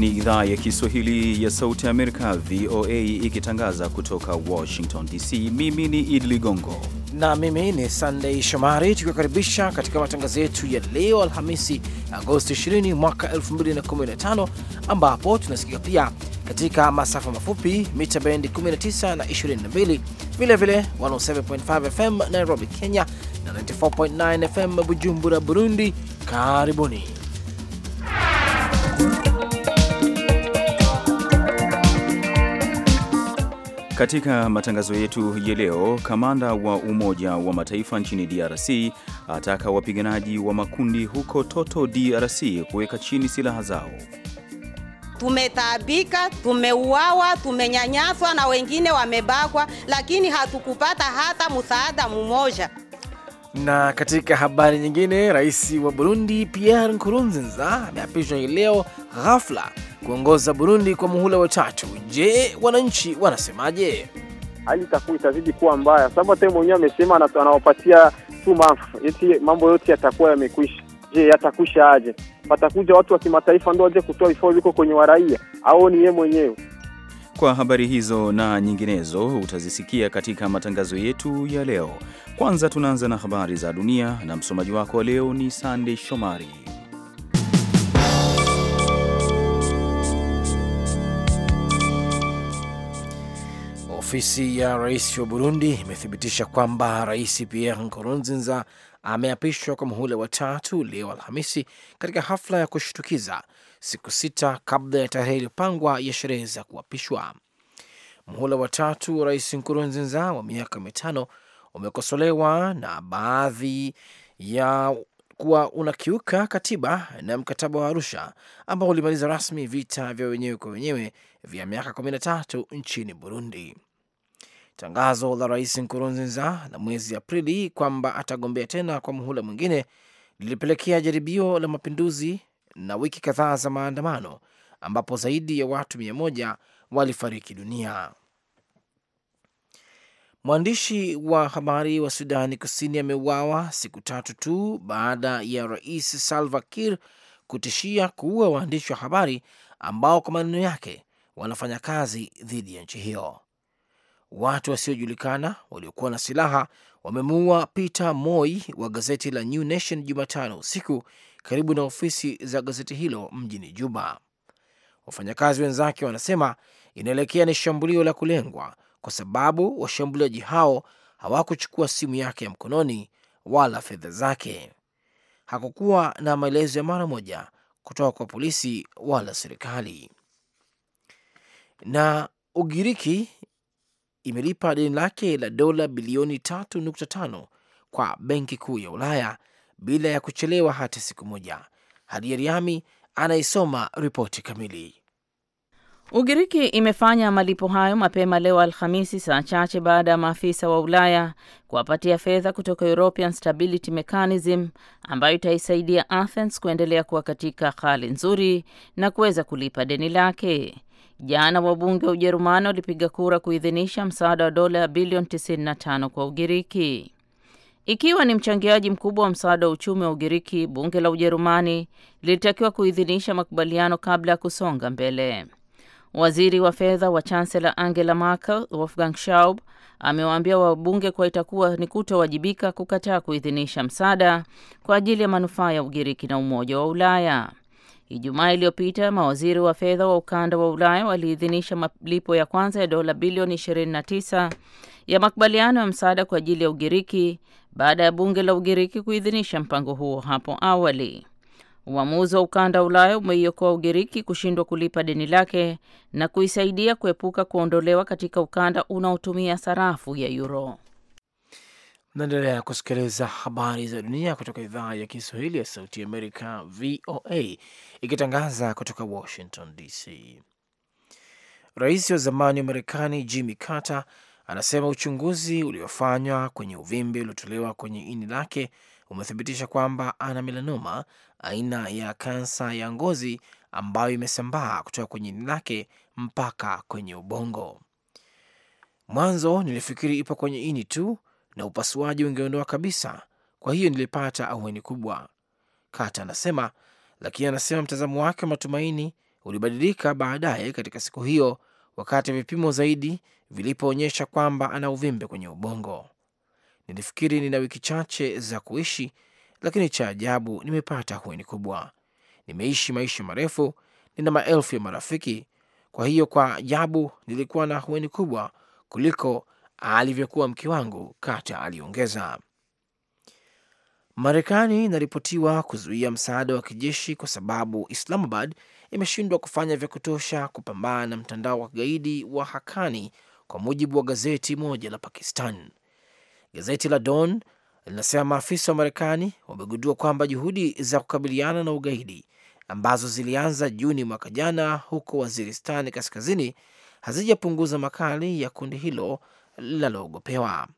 ni idhaa ya Kiswahili ya Sauti ya Amerika, VOA, ikitangaza kutoka Washington DC. Mimi ni Idi Ligongo na mimi ni Sandei Shomari, tukiwakaribisha katika matangazo yetu ya leo Alhamisi, Agosti 20 mwaka 2015, ambapo tunasikika pia katika masafa mafupi mita bendi 19 na 22, vilevile 107.5 FM Nairobi, Kenya na 94.9 FM Bujumbura, Burundi. Karibuni. Katika matangazo yetu ya leo, kamanda wa Umoja wa Mataifa nchini DRC ataka wapiganaji wa makundi huko Toto, DRC kuweka chini silaha zao. Tumetaabika, tumeuawa, tumenyanyaswa na wengine wamebakwa, lakini hatukupata hata msaada mmoja. Na katika habari nyingine, rais wa Burundi Pierre Nkurunziza ameapishwa hii leo ghafla kuongoza Burundi kwa muhula wa tatu. Je, wananchi wanasemaje? Hali itakuwa itazidi kuwa mbaya, sababu hata mwenyewe amesema anawapatia two months, eti mambo yote yatakuwa yamekwisha. Je, yatakwisha aje? Patakuja watu wa kimataifa ndio waje kutoa vifaa viko kwenye waraia au ni yeye mwenyewe? Kwa habari hizo na nyinginezo utazisikia katika matangazo yetu ya leo. Kwanza tunaanza na habari za dunia, na msomaji wako wa leo ni Sandey Shomari. Ofisi ya rais wa Burundi imethibitisha kwamba rais Pierre Nkurunziza ameapishwa kwa muhula wa tatu leo Alhamisi, katika hafla ya kushtukiza siku sita kabla ya tarehe iliyopangwa ya sherehe za kuapishwa. Muhula wa tatu wa rais Nkurunziza wa miaka mitano umekosolewa na baadhi ya kuwa unakiuka katiba na mkataba wa Arusha ambao ulimaliza rasmi vita vya wenyewe kwa wenyewe vya miaka tatu nchini Burundi. Tangazo la rais Nkurunziza la mwezi Aprili kwamba atagombea tena kwa muhula mwingine lilipelekea jaribio la mapinduzi na wiki kadhaa za maandamano ambapo zaidi ya watu mia moja walifariki dunia. Mwandishi wa habari wa Sudani Kusini ameuawa siku tatu tu baada ya rais Salva Kir kutishia kuua waandishi wa habari ambao kwa maneno yake wanafanya kazi dhidi ya nchi hiyo watu wasiojulikana waliokuwa na silaha wamemuua Peter Moi wa gazeti la New Nation Jumatano usiku karibu na ofisi za gazeti hilo mjini Juba. Wafanyakazi wenzake wanasema inaelekea ni shambulio la kulengwa kwa sababu washambuliaji hao hawakuchukua simu yake ya mkononi wala fedha zake. Hakukuwa na maelezo ya mara moja kutoka kwa polisi wala serikali. Na Ugiriki imelipa deni lake la dola bilioni 3.5 kwa benki kuu ya Ulaya bila ya kuchelewa hata siku moja. Hadi Riami anaisoma ripoti kamili. Ugiriki imefanya malipo hayo mapema leo Alhamisi, saa chache baada ya maafisa wa Ulaya kuwapatia fedha kutoka European Stability Mechanism ambayo itaisaidia Athens kuendelea kuwa katika hali nzuri na kuweza kulipa deni lake. Jana wabunge wa Ujerumani walipiga kura kuidhinisha msaada wa dola bilioni 95 kwa Ugiriki. Ikiwa ni mchangiaji mkubwa wa msaada wa uchumi wa Ugiriki, bunge la Ujerumani lilitakiwa kuidhinisha makubaliano kabla ya kusonga mbele. Waziri wa fedha wa Chancellor Angela Merkel, Wolfgang Schaub, amewaambia wabunge kuwa itakuwa ni kutowajibika kukataa kuidhinisha msaada kwa ajili ya manufaa ya Ugiriki na Umoja wa Ulaya. Ijumaa iliyopita mawaziri wa fedha wa ukanda wa Ulaya waliidhinisha malipo ya kwanza ya dola bilioni 29 ya makubaliano ya msaada kwa ajili ya Ugiriki baada ya bunge la Ugiriki kuidhinisha mpango huo hapo awali. Uamuzi wa ukanda wa Ulaya umeiokoa Ugiriki kushindwa kulipa deni lake na kuisaidia kuepuka kuondolewa katika ukanda unaotumia sarafu ya euro. Naendelea kusikiliza habari za dunia kutoka idhaa ya Kiswahili ya Sauti Amerika, VOA, ikitangaza kutoka Washington DC. Rais wa zamani wa Marekani Jimmy Carter anasema uchunguzi uliofanywa kwenye uvimbe uliotolewa kwenye ini lake umethibitisha kwamba ana melanoma, aina ya kansa ya ngozi ambayo imesambaa kutoka kwenye ini lake mpaka kwenye ubongo. Mwanzo nilifikiri ipo kwenye ini tu na upasuaji ungeondoa kabisa, kwa hiyo nilipata ahueni kubwa, Kata anasema. Lakini anasema mtazamo wake wa matumaini ulibadilika baadaye katika siku hiyo, wakati vipimo zaidi vilipoonyesha kwamba ana uvimbe kwenye ubongo. Nilifikiri nina wiki chache za kuishi, lakini cha ajabu nimepata ahueni kubwa. Nimeishi maisha marefu, nina maelfu ya marafiki. Kwa hiyo kwa ajabu nilikuwa na ahueni kubwa kuliko alivyokuwa mke wangu, Kata aliongeza. Marekani inaripotiwa kuzuia msaada wa kijeshi kwa sababu Islamabad imeshindwa kufanya vya kutosha kupambana na mtandao wa kigaidi wa Hakani, kwa mujibu wa gazeti moja la Pakistan. Gazeti la Dawn linasema maafisa wa Marekani wamegundua kwamba juhudi za kukabiliana na ugaidi ambazo zilianza Juni mwaka jana huko Waziristani kaskazini hazijapunguza makali ya kundi hilo linaloogopewa.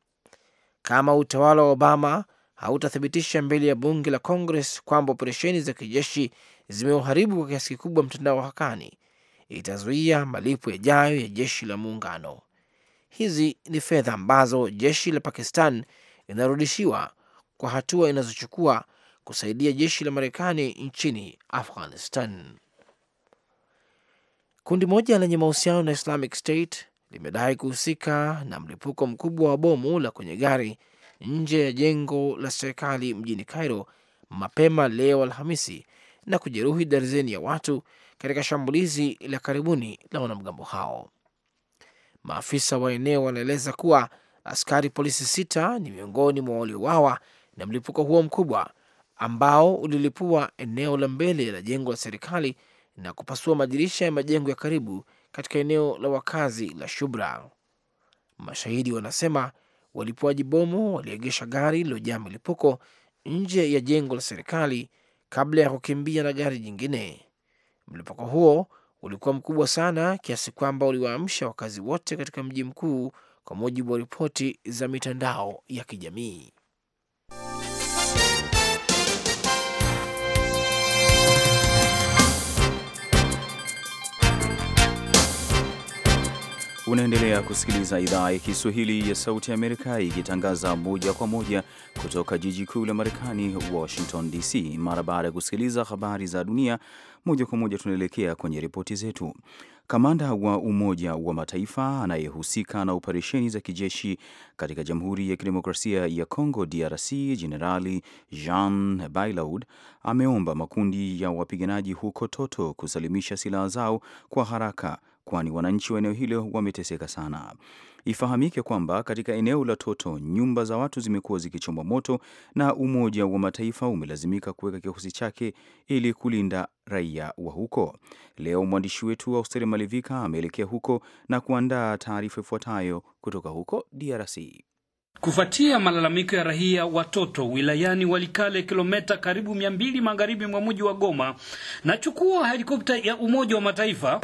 Kama utawala wa Obama hautathibitisha mbele ya bunge la Congress kwamba operesheni za kijeshi zimeuharibu kwa kiasi kikubwa mtandao wa Hakani, itazuia malipo yajayo ya jeshi la muungano. Hizi ni fedha ambazo jeshi la Pakistan linarudishiwa kwa hatua inazochukua kusaidia jeshi la Marekani nchini Afghanistan. Kundi moja lenye mahusiano na Islamic State limedai kuhusika na mlipuko mkubwa wa bomu la kwenye gari nje ya jengo la serikali mjini Cairo mapema leo Alhamisi na kujeruhi darzeni ya watu katika shambulizi la karibuni la wanamgambo hao. Maafisa wa eneo wanaeleza kuwa askari polisi sita ni miongoni mwa waliowawa na mlipuko huo mkubwa ambao ulilipua eneo la mbele la jengo la serikali na kupasua madirisha ya majengo ya karibu katika eneo la wakazi la Shubra. Mashahidi wanasema walipuaji bomu waliegesha gari lililojaa milipuko nje ya jengo la serikali kabla ya kukimbia na gari jingine. Mlipuko huo ulikuwa mkubwa sana kiasi kwamba uliwaamsha wakazi wote katika mji mkuu, kwa mujibu wa ripoti za mitandao ya kijamii. Unaendelea kusikiliza idhaa ya Kiswahili ya Sauti ya Amerika ikitangaza moja kwa moja kutoka jiji kuu la Marekani, Washington DC. Mara baada ya kusikiliza habari za dunia moja kwa moja, tunaelekea kwenye ripoti zetu. Kamanda wa Umoja wa Mataifa anayehusika na operesheni za kijeshi katika Jamhuri ya Kidemokrasia ya Kongo DRC, Jenerali Jean Bailaud ameomba makundi ya wapiganaji huko Toto kusalimisha silaha zao kwa haraka kwani wananchi wa eneo hilo wameteseka sana. Ifahamike kwamba katika eneo la Toto nyumba za watu zimekuwa zikichomwa moto na Umoja wa Mataifa umelazimika kuweka kikosi chake ili kulinda raia wa huko. Leo mwandishi wetu wa Austeri Malivika ameelekea huko na kuandaa taarifa ifuatayo kutoka huko DRC. Kufuatia malalamiko ya raia watoto wilayani Walikale, kilometa karibu mia mbili magharibi mwa mji wa Goma, na chukua helikopta ya Umoja wa Mataifa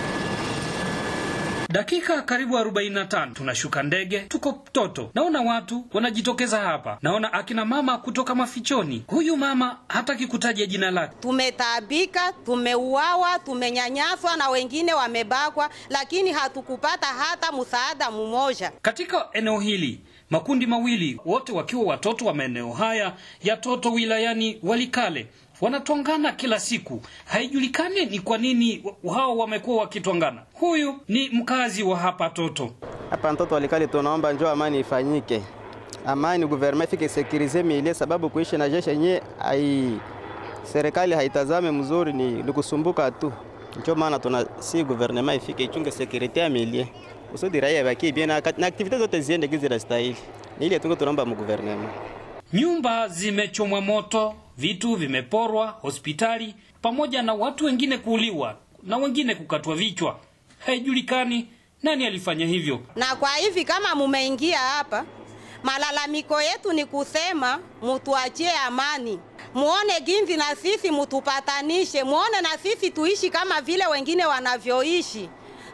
Dakika karibu 45 tunashuka ndege, tuko Toto. Naona watu wanajitokeza hapa, naona akina mama kutoka mafichoni. Huyu mama hataki kutaja jina lake. Tumetaabika, tumeuawa, tumenyanyaswa na wengine wamebakwa, lakini hatukupata hata msaada mmoja katika eneo hili makundi mawili, wote wakiwa watoto wa maeneo haya ya Toto wilayani Walikale wanatwangana kila siku. Haijulikani ni kwa nini hao wamekuwa wakitwangana. Huyu ni mkazi wa hapa Toto. Hapa Toto walikali, tunaomba njoo amani ifanyike, amani guvernema ifike sekirize milie, sababu kuishi na jeshi yenyewe ai serikali haitazame mzuri, ni nikusumbuka tu. Ndio maana tuna si guvernema ifike ichunge sekirite ya milie kusudi raia baki bien na aktivite zote ziende gizira la stahili. Ni ile tungo tunaomba mu guvernema. Nyumba zimechomwa moto vitu vimeporwa, hospitali pamoja na watu wengine kuuliwa na wengine kukatwa vichwa. Haijulikani nani alifanya hivyo. Na kwa hivi kama mumeingia hapa, malalamiko yetu ni kusema mutuachie amani, muone ginzi na sisi mutupatanishe, muone na sisi tuishi kama vile wengine wanavyoishi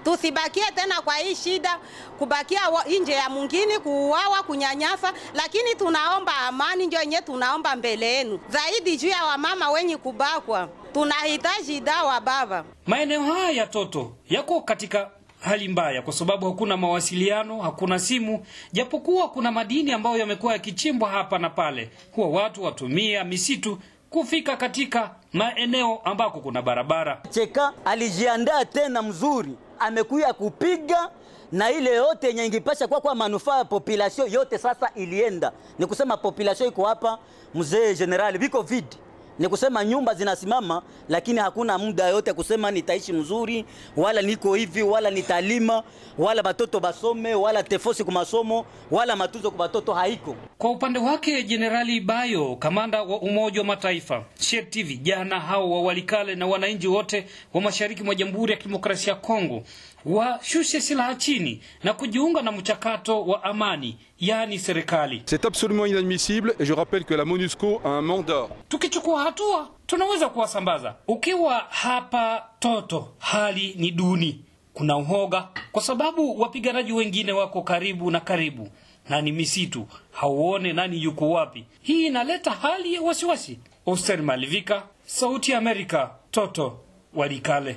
tusibakie tena kwa hii shida, kubakia nje ya mwingine, kuuawa, kunyanyasa, lakini tunaomba amani, ndio yenye tunaomba mbele yenu zaidi juu ya wamama wenye kubakwa. Tunahitaji dawa baba. Maeneo haya ya toto yako katika hali mbaya kwa sababu hakuna mawasiliano, hakuna simu, japokuwa kuna madini ambayo yamekuwa yakichimbwa hapa na pale. Huwa watu watumia misitu kufika katika maeneo ambako kuna barabara. Cheka alijiandaa tena mzuri amekuya kupiga na ile yote yenye ingipasha kwa kwa manufaa ya population yote, sasa ilienda. Ni kusema population iko hapa, mzee general, viko vidi ni kusema nyumba zinasimama, lakini hakuna muda yote kusema nitaishi mzuri, wala niko hivi, wala nitalima, wala batoto basome, wala tefosi kumasomo, wala matunzo kwa batoto haiko. Kwa upande wake Jenerali Bayo, kamanda wa Umoja wa Mataifa, sheti vijana hao wa Walikale na wananchi wote wa mashariki mwa Jamhuri ya Kidemokrasia ya Kongo washushe silaha chini na kujiunga na mchakato wa amani, yani serikali. C'est absolument inadmissible et je rappelle que la MONUSCO a un mandat. Tukichukua hatua tunaweza kuwasambaza. Ukiwa hapa Toto, hali ni duni, kuna uhoga kwa sababu wapiganaji wengine wako karibu na karibu na ni misitu, hauone nani yuko wapi. Hii inaleta hali ya wasiwasi. Oster Malivika, Sauti ya Amerika, Toto, Walikale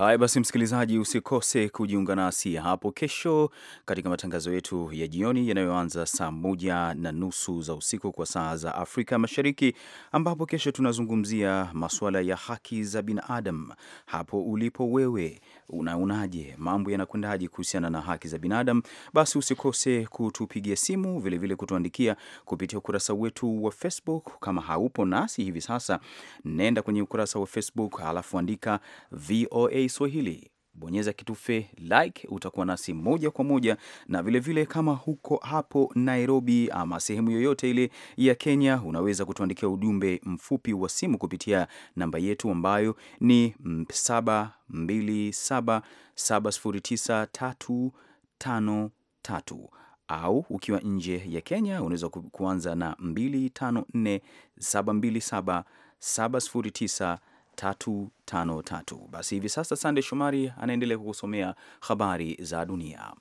Haya basi, msikilizaji, usikose kujiunga nasi hapo kesho katika matangazo yetu ya jioni yanayoanza saa moja na nusu za usiku kwa saa za Afrika Mashariki, ambapo kesho tunazungumzia masuala ya haki za binadamu hapo ulipo wewe unaonaje mambo yanakwendaje kuhusiana na haki za binadamu? Basi usikose kutupigia simu, vilevile kutuandikia kupitia ukurasa wetu wa Facebook. Kama haupo nasi hivi sasa, nenda kwenye ukurasa wa Facebook alafu andika VOA Swahili bonyeza kitufe like, utakuwa nasi moja kwa moja, na vilevile vile kama huko hapo Nairobi ama sehemu yoyote ile ya Kenya, unaweza kutuandikia ujumbe mfupi wa simu kupitia namba yetu ambayo ni 727709353 au ukiwa nje ya Kenya unaweza kuanza na 2547277093 353. Basi hivi sasa Sande Shomari anaendelea kukusomea habari za dunia.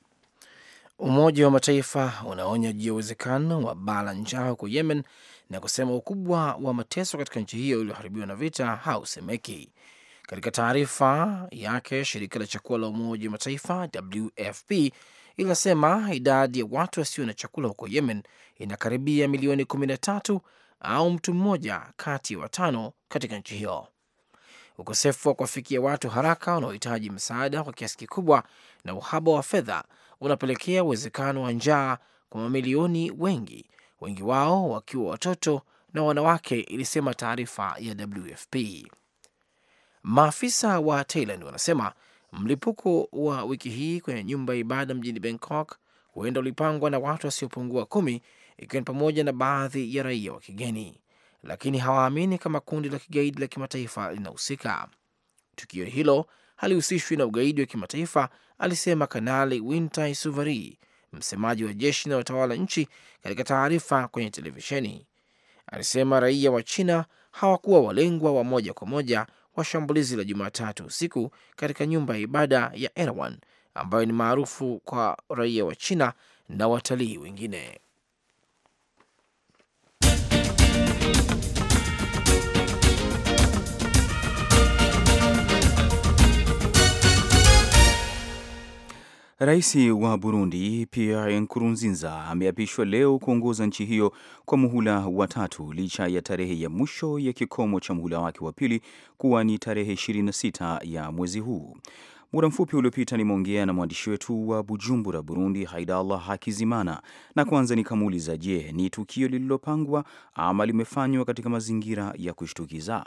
Umoja wa Mataifa unaonya juu ya uwezekano wa baa la njaa huko Yemen na kusema ukubwa wa mateso katika nchi hiyo iliyoharibiwa na vita hausemeki. Katika taarifa yake, shirika la chakula la Umoja wa Mataifa WFP ilinasema idadi ya watu wasio na chakula huko Yemen inakaribia milioni 13 au mtu mmoja kati ya watano katika nchi hiyo ukosefu wa kuwafikia watu haraka wanaohitaji msaada kwa kiasi kikubwa na uhaba wa fedha unapelekea uwezekano wa njaa kwa mamilioni wengi, wengi wao wakiwa watoto na wanawake, ilisema taarifa ya WFP. Maafisa wa Thailand wanasema mlipuko wa wiki hii kwenye nyumba ya ibada mjini Bangkok huenda ulipangwa na watu wasiopungua kumi, ikiwa ni pamoja na baadhi ya raia wa kigeni lakini hawaamini kama kundi la kigaidi la kimataifa linahusika. Tukio hilo halihusishwi na ugaidi wa kimataifa, alisema Kanali Wintai Suvari, msemaji wa jeshi na watawala nchi, katika taarifa kwenye televisheni. Alisema raia wa China hawakuwa walengwa wa moja kwa moja wa shambulizi la Jumatatu usiku katika nyumba ya ibada ya Erwan ambayo ni maarufu kwa raia wa China na watalii wengine. Rais wa Burundi Pierre Nkurunziza ameapishwa leo kuongoza nchi hiyo kwa muhula wa tatu licha ya tarehe ya mwisho ya kikomo cha muhula wake wa pili kuwa ni tarehe 26 ya mwezi huu. Muda mfupi uliopita nimeongea na mwandishi wetu wa Bujumbura, Burundi, Haidallah Hakizimana, na kwanza nikamuuliza, je, ni tukio lililopangwa ama limefanywa katika mazingira ya kushtukiza?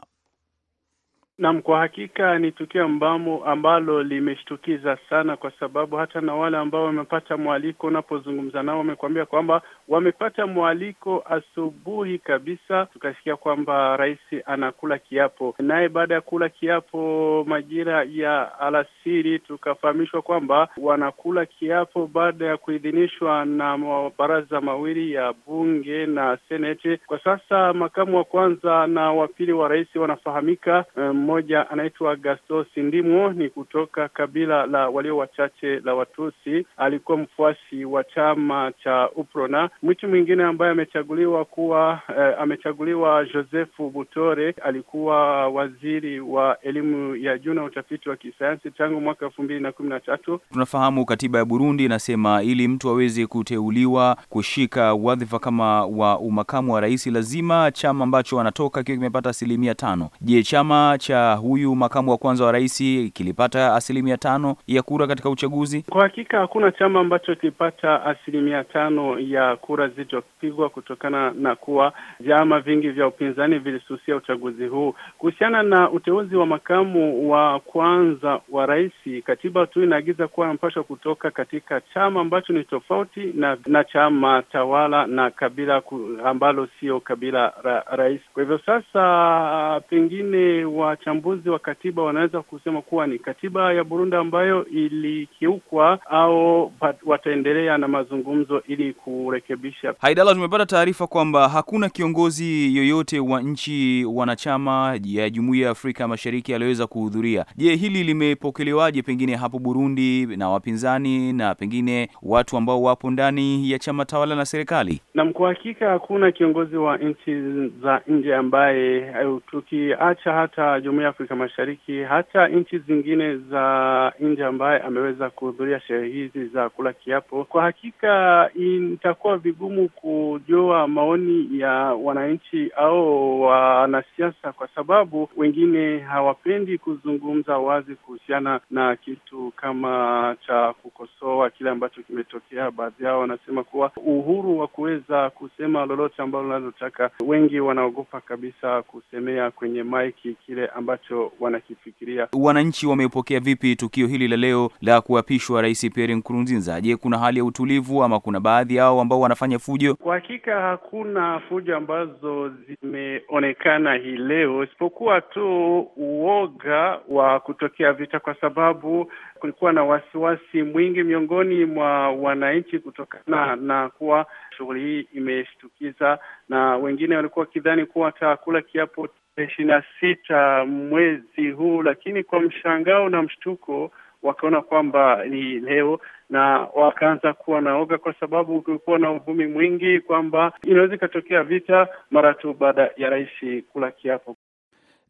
Naam, kwa hakika ni tukio ambamo ambalo limeshtukiza sana, kwa sababu hata na wale ambao wamepata mwaliko, unapozungumza nao wamekuambia kwamba wamepata mwaliko asubuhi kabisa, tukasikia kwamba rais anakula kiapo, naye baada ya kula kiapo majira ya alasiri tukafahamishwa kwamba wanakula kiapo baada ya kuidhinishwa na mabaraza mawili ya bunge na seneti. Kwa sasa makamu wa kwanza na wa pili wa rais wanafahamika, eh, mmoja anaitwa Gaston sindimo ni kutoka kabila la walio wachache la Watusi, alikuwa mfuasi wa chama cha Uprona Mwitu mwingine ambaye amechaguliwa kuwa eh, amechaguliwa Josefu Butore, alikuwa waziri wa elimu ya juu na utafiti wa kisayansi tangu mwaka elfu mbili na kumi na tatu. Tunafahamu katiba ya Burundi inasema ili mtu aweze kuteuliwa kushika wadhifa kama wa umakamu wa rais lazima chama ambacho anatoka kiwe kimepata asilimia tano. Je, chama cha huyu makamu wa kwanza wa rais kilipata asilimia tano ya kura katika uchaguzi? Kwa hakika hakuna chama ambacho kilipata asilimia tano ya kura zilizopigwa kutokana na kuwa vyama vingi vya upinzani vilisusia uchaguzi huu. Kuhusiana na uteuzi wa makamu wa kwanza wa rais, katiba tu inaagiza kuwa anapaswa kutoka katika chama ambacho ni tofauti na, na chama tawala na kabila ku, ambalo sio kabila la ra, rais. Kwa hivyo sasa, pengine wachambuzi wa katiba wanaweza kusema kuwa ni katiba ya Burundi ambayo ilikiukwa au wataendelea na mazungumzo ili kurekebisha kurekebisha. Haidala, tumepata taarifa kwamba hakuna kiongozi yoyote wa nchi wanachama ya Jumuiya ya Afrika Mashariki aliyoweza kuhudhuria. Je, hili limepokelewaje pengine hapo Burundi na wapinzani na pengine watu ambao wapo ndani ya chama tawala na serikali? Naam, kwa hakika hakuna kiongozi wa nchi za nje ambaye, tukiacha hata Jumuiya ya Afrika Mashariki, hata nchi zingine za nje ambaye ameweza kuhudhuria sherehe hizi za kula kiapo. Kwa hakika itakuwa vigumu kujua maoni ya wananchi au wanasiasa, kwa sababu wengine hawapendi kuzungumza wazi kuhusiana na kitu kama cha kukosoa kile ambacho kimetokea. Baadhi yao wanasema kuwa uhuru wa kuweza kusema lolote ambalo linalotaka wengi wanaogopa kabisa kusemea kwenye maiki kile ambacho wanakifikiria. Wananchi wamepokea vipi tukio hili la leo la kuapishwa Rais Pierre Nkurunziza? Je, kuna hali ya utulivu ama kuna baadhi yao ambao wanafanya fujo? Kwa hakika hakuna fujo ambazo zimeonekana hii leo, isipokuwa tu uoga wa kutokea vita, kwa sababu kulikuwa na wasiwasi mwingi miongoni mwa wananchi kutokana na kuwa shughuli hii imeshtukiza, na wengine walikuwa wakidhani kuwa atakula kiapo ishirini na sita mwezi huu, lakini kwa mshangao na mshtuko wakaona kwamba ni leo na wakaanza kuwa na oga kwa sababu kulikuwa na uvumi mwingi kwamba inaweza ikatokea vita mara tu baada ya rais kula kiapo.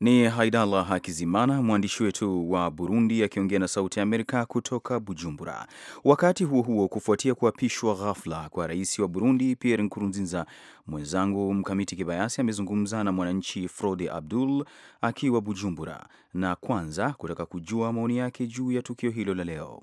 Ni Haidala Hakizimana, mwandishi wetu wa Burundi, akiongea na Sauti ya Amerika kutoka Bujumbura. Wakati huo huo, kufuatia kuapishwa ghafla kwa rais wa Burundi Pierre Nkurunziza, mwenzangu Mkamiti Kibayasi amezungumza na mwananchi Frode Abdul akiwa Bujumbura, na kwanza kutaka kujua maoni yake juu ya tukio hilo la leo.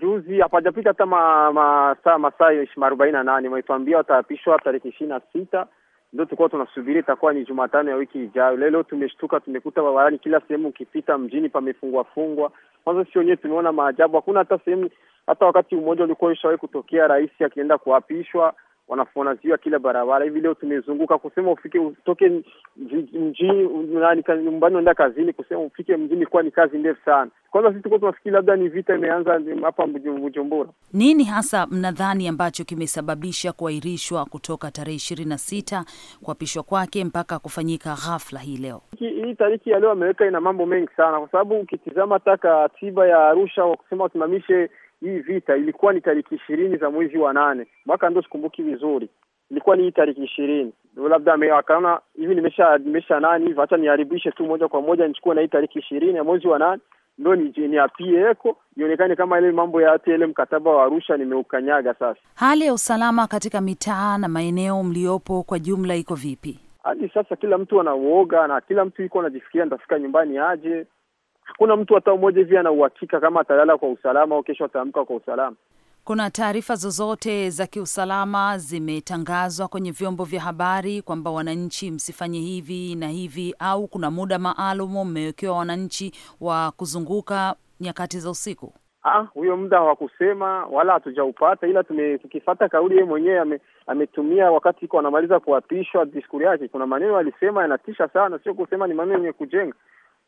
Juzi hapajapita hata masaa masaa arobaini na nane wametuambia wataapishwa tarehe ishirini na sita ndio tulikuwa tunasubiri itakuwa ni Jumatano ya wiki ijayo. Leo leo tumeshtuka, tumekuta barabarani kila sehemu, ukipita mjini pamefungwa fungwa. Kwanza sisi wenyewe tumeona maajabu, hakuna hata sehemu, hata wakati mmoja ulikuwa ishawahi kutokea rais akienda kuapishwa wanafonazia kila barabara hivi. Leo tumezunguka kusema ufike utoke mjini nyumbani uenda kazini, kusema ufike mjini kuwa ni kazi ndefu sana. Kwanza sisi tulikuwa tunafikiri labda ni vita imeanza hapa Bujumbura. Nini hasa mnadhani ambacho kimesababisha kuahirishwa kutoka tarehe ishirini na sita kuapishwa kwake mpaka kufanyika ghafla hii leo? Hii tariki ya leo ameweka ina mambo mengi sana, kwa sababu ukitizama hata katiba ya Arusha wa kusema wasimamishe hii vita ilikuwa ni tariki ishirini za mwezi wa nane mwaka ndio sikumbuki vizuri, ilikuwa ni hii tariki ishirini labda akaona hivi nimesha nimesha nani hivi, hata niharibishe tu moja kwa moja nichukue na hii tariki ishirini ya mwezi wa nane ni niapie eko ionekane kama ile mambo ya ile mkataba wa Arusha nimeukanyaga. Sasa hali ya usalama katika mitaa na maeneo mliopo kwa jumla iko vipi? Hadi sasa kila mtu anauoga na kila mtu iko anajifikiria nitafika nyumbani aje hakuna mtu hata mmoja hivi ana uhakika kama atalala kwa usalama au kesho ataamka kwa usalama. Kuna taarifa zozote za kiusalama zimetangazwa kwenye vyombo vya habari kwamba wananchi msifanye hivi na hivi, au kuna muda maalum mmewekewa wananchi wa kuzunguka nyakati za usiku? Ah, huyo muda hawakusema wala hatujaupata, ila tukifata kauli yeye mwenyewe ametumia wakati iko anamaliza kuapishwa diskuri yake. Kuna maneno alisema yanatisha sana, sio kusema ni maneno yenye kujenga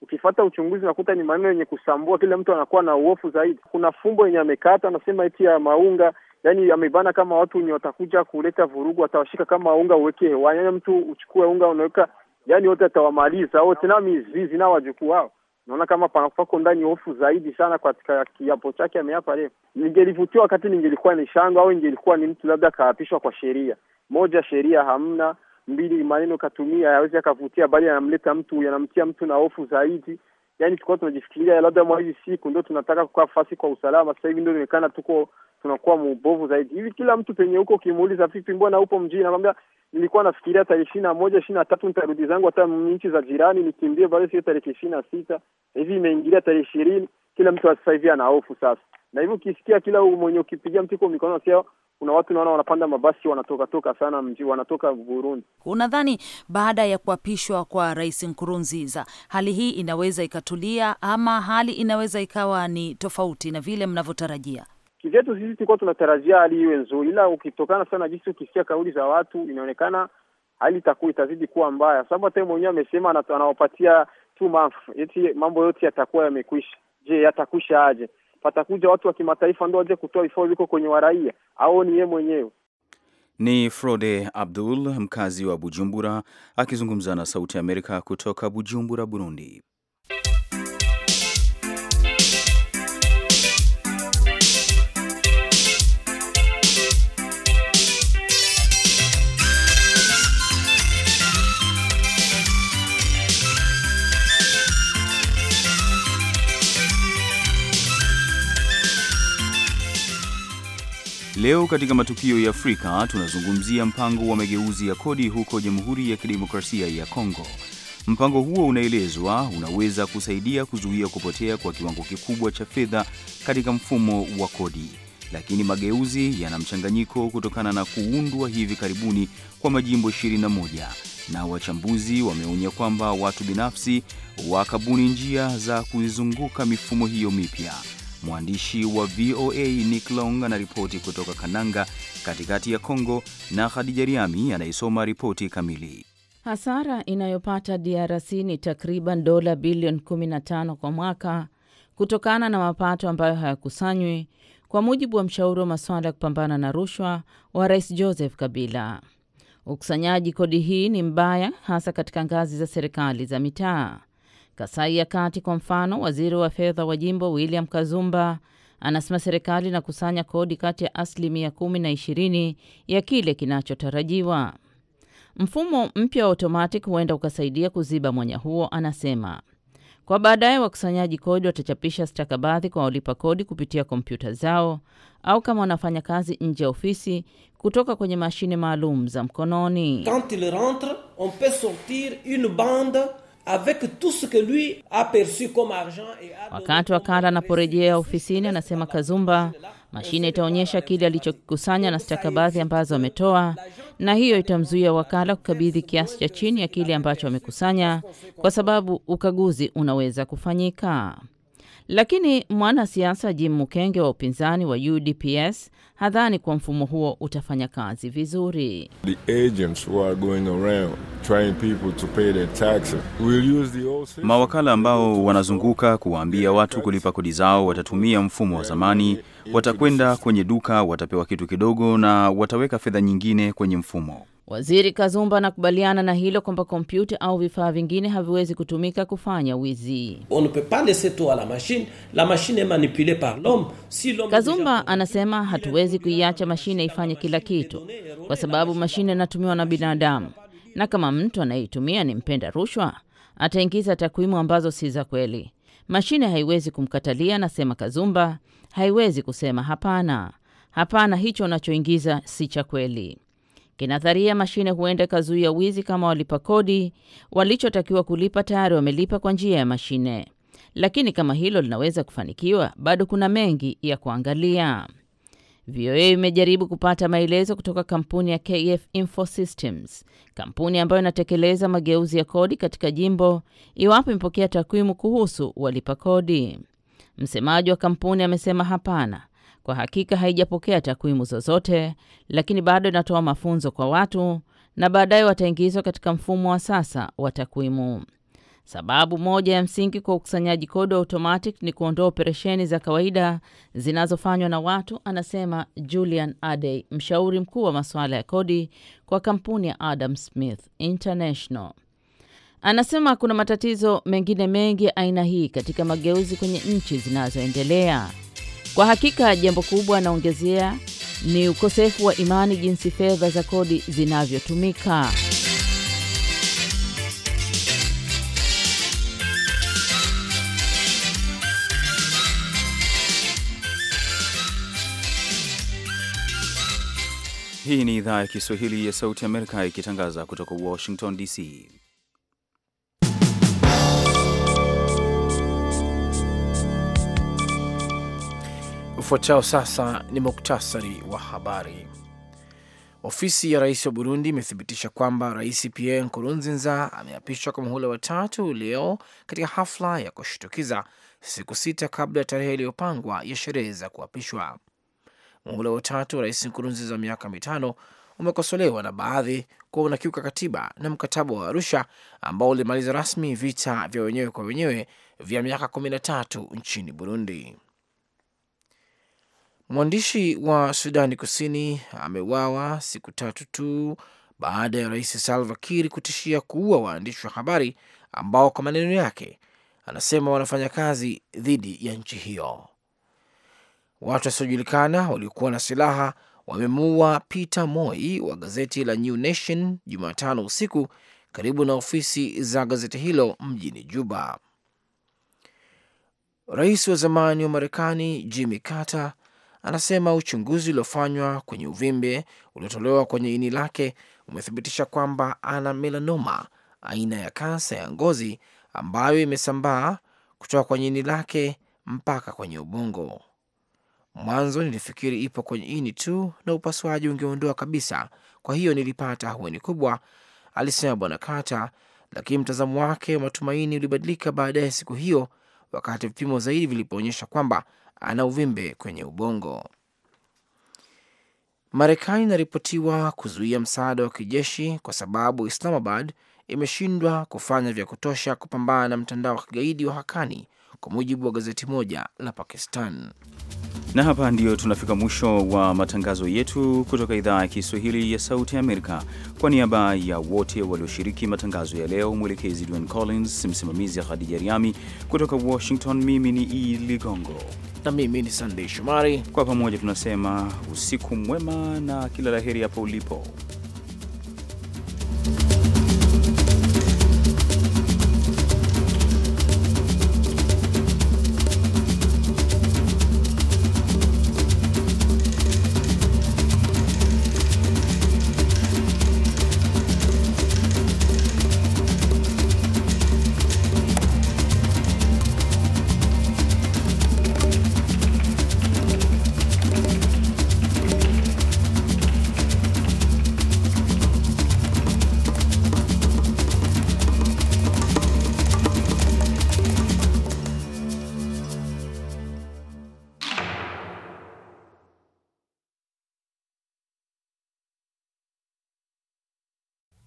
ukifata uchunguzi unakuta ni maneno yenye kusambua, kila mtu anakuwa na uofu zaidi. Kuna fumbo yenye amekata, anasema eti ya maunga, yaani amebana kama watu wenye watakuja kuleta vurugu, atawashika kama unga uweke hewani, yaani mtu uchukue unga unaweka, yaani wote atawamaliza wote, na mizizi na wajukuu wao. Naona kama panapako ndani hofu zaidi sana katika kiapo chake ameapa leo. Ningelivutiwa wakati ningelikuwa ni shangwe au ingelikuwa ni mtu labda akaapishwa kwa sheria moja, sheria hamna mbili maneno katumia yaweze akavutia, bali yanamleta mtu, yanamtia mtu na hofu zaidi. Yani tulikuwa tunajifikiria labda mwa hizi siku ndio tunataka kukaa fasi kwa usalama, sasa hivi ndio inaonekana tuko tunakuwa mubovu zaidi hivi. Kila mtu penye huko ukimuuliza, vipi, mbona upo mjini, anakwambia nilikuwa nafikiria tarehe ishirini na moja ishirini na tatu nitarudi zangu hata nchi za jirani nikimbie, bado sio tarehe ishirini na sita hivi imeingilia tarehe ishirini. Kila mtu sasa hivi ana hofu sasa, na hivyo ukisikia kila mwenye ukipigia mtu mikono sio kuna watu naona wanapanda mabasi wanatoka toka sana mji, wanatoka Burundi. Unadhani baada ya kuapishwa kwa Rais Nkurunziza hali hii inaweza ikatulia ama hali inaweza ikawa ni tofauti na vile mnavyotarajia? Kivyetu sisi tulikuwa tunatarajia hali iwe nzuri, ila ukitokana sana jinsi ukisikia kauli za watu inaonekana hali itakuwa itazidi kuwa mbaya, sababu hata mwenyewe amesema anawapatia two months, eti mambo yote yatakuwa yamekwisha. Je, yatakwisha aje? patakuja watu wa kimataifa ndio waje kutoa vifaa viko kwenye waraia au ni yeye mwenyewe? Ni Frode Abdul, mkazi wa Bujumbura, akizungumza na Sauti ya Amerika kutoka Bujumbura, Burundi. Leo katika matukio ya Afrika tunazungumzia mpango wa mageuzi ya kodi huko Jamhuri ya Kidemokrasia ya Kongo. Mpango huo unaelezwa unaweza kusaidia kuzuia kupotea kwa kiwango kikubwa cha fedha katika mfumo wa kodi, lakini mageuzi yana mchanganyiko kutokana na kuundwa hivi karibuni kwa majimbo 21 na wachambuzi wameonya kwamba watu binafsi wakabuni njia za kuizunguka mifumo hiyo mipya. Mwandishi wa VOA Nick Long anaripoti kutoka Kananga katikati ya Kongo, na Khadija Riami anayesoma ripoti kamili. Hasara inayopata DRC ni takriban dola bilioni 15 kwa mwaka kutokana na mapato ambayo hayakusanywi, kwa mujibu wa mshauri wa masuala ya kupambana na rushwa wa Rais Joseph Kabila. Ukusanyaji kodi hii ni mbaya hasa katika ngazi za serikali za mitaa. Kasai ya Kati kwa mfano, waziri wa fedha wa jimbo William Kazumba anasema serikali inakusanya kodi kati ya asilimia kumi na ishirini ya kile kinachotarajiwa. Mfumo mpya wa automatic huenda ukasaidia kuziba mwanya huo, anasema. Kwa baadaye wakusanyaji kodi watachapisha stakabadhi kwa walipa kodi kupitia kompyuta zao au kama wanafanya kazi nje ya ofisi kutoka kwenye mashine maalum za mkononi. Quand il rentre, on peut sortir une bande Wakati wakala anaporejea ofisini, anasema Kazumba, mashine itaonyesha kile alichokikusanya na stakabadhi ambazo ametoa, na hiyo itamzuia wakala kukabidhi kiasi cha chini ya kile ambacho amekusanya, kwa sababu ukaguzi unaweza kufanyika. Lakini mwanasiasa Jim Mukenge wa upinzani wa UDPS hadhani kwa mfumo huo utafanya kazi vizuri. Mawakala ambao wanazunguka kuwaambia watu kulipa kodi zao watatumia mfumo wa zamani. Watakwenda kwenye duka, watapewa kitu kidogo na wataweka fedha nyingine kwenye mfumo. Waziri Kazumba anakubaliana na hilo kwamba kompyuta au vifaa vingine haviwezi kutumika kufanya wizi. Kazumba anasema hatuwezi kuiacha mashine ifanye kila kitu, kwa sababu mashine inatumiwa na binadamu, na kama mtu anayeitumia ni mpenda rushwa, ataingiza takwimu ambazo si za kweli. Mashine haiwezi kumkatalia, anasema Kazumba. Haiwezi kusema hapana, hapana, hicho unachoingiza si cha kweli. Kinadharia mashine huenda ikazuia wizi kama walipa kodi walichotakiwa kulipa tayari wamelipa kwa njia ya mashine. Lakini kama hilo linaweza kufanikiwa, bado kuna mengi ya kuangalia. VOA imejaribu kupata maelezo kutoka kampuni ya KF Info kampuni ambayo inatekeleza mageuzi ya kodi katika jimbo, iwapo imepokea takwimu kuhusu walipa kodi. Msemaji wa kampuni amesema hapana, kwa hakika haijapokea takwimu zozote, lakini bado inatoa mafunzo kwa watu na baadaye wataingizwa katika mfumo wa sasa wa takwimu. Sababu moja ya msingi kwa ukusanyaji kodi wa automatic ni kuondoa operesheni za kawaida zinazofanywa na watu, anasema Julian Adey, mshauri mkuu wa masuala ya kodi kwa kampuni ya Adam Smith International. Anasema kuna matatizo mengine mengi ya aina hii katika mageuzi kwenye nchi zinazoendelea. Kwa hakika jambo kubwa, anaongezea, ni ukosefu wa imani jinsi fedha za kodi zinavyotumika. Hii ni idhaa ya Kiswahili ya Sauti Amerika ikitangaza kutoka Washington DC. Ufuatao sasa ni muktasari wa habari. Ofisi ya rais wa Burundi imethibitisha kwamba Rais Pierre Nkurunziza ameapishwa kwa muhula wa tatu leo katika hafla ya kushtukiza siku sita kabla ya tarehe iliyopangwa ya sherehe za kuapishwa. Muhula wa tatu wa Rais Nkurunziza wa miaka mitano umekosolewa na baadhi kuwa unakiuka katiba na mkataba wa Arusha ambao ulimaliza rasmi vita vya wenyewe kwa wenyewe vya miaka kumi na tatu nchini Burundi. Mwandishi wa Sudani Kusini ameuawa siku tatu tu baada ya Rais Salva Kiir kutishia kuua waandishi wa habari ambao kwa maneno yake anasema wanafanya kazi dhidi ya nchi hiyo. Watu wasiojulikana waliokuwa na silaha wamemuua Peter Moi wa gazeti la New Nation Jumatano usiku karibu na ofisi za gazeti hilo mjini Juba. Rais wa zamani wa Marekani Jimmy Carter anasema uchunguzi uliofanywa kwenye uvimbe uliotolewa kwenye ini lake umethibitisha kwamba ana melanoma, aina ya kansa ya ngozi ambayo imesambaa kutoka kwenye ini lake mpaka kwenye ubongo. Mwanzo nilifikiri ipo kwenye ini tu na upasuaji ungeondoa kabisa, kwa hiyo nilipata ahueni kubwa, alisema Bwana kata Lakini mtazamo wake wa matumaini ulibadilika baadaye siku hiyo, wakati vipimo zaidi vilipoonyesha kwamba ana uvimbe kwenye ubongo. Marekani inaripotiwa kuzuia msaada wa kijeshi kwa sababu Islamabad imeshindwa kufanya vya kutosha kupambana na mtandao wa kigaidi wa Hakani, kwa mujibu wa gazeti moja la Pakistan. Na hapa ndiyo tunafika mwisho wa matangazo yetu kutoka idhaa ya Kiswahili ya Sauti Amerika. Kwa niaba ya wote walioshiriki matangazo ya leo, mwelekezi Dwayne Collins, msimamizi ya Khadija Riami kutoka Washington, mimi ni E Ligongo na mimi ni Sandei Shomari. Kwa pamoja tunasema usiku mwema na kila laheri hapo ulipo.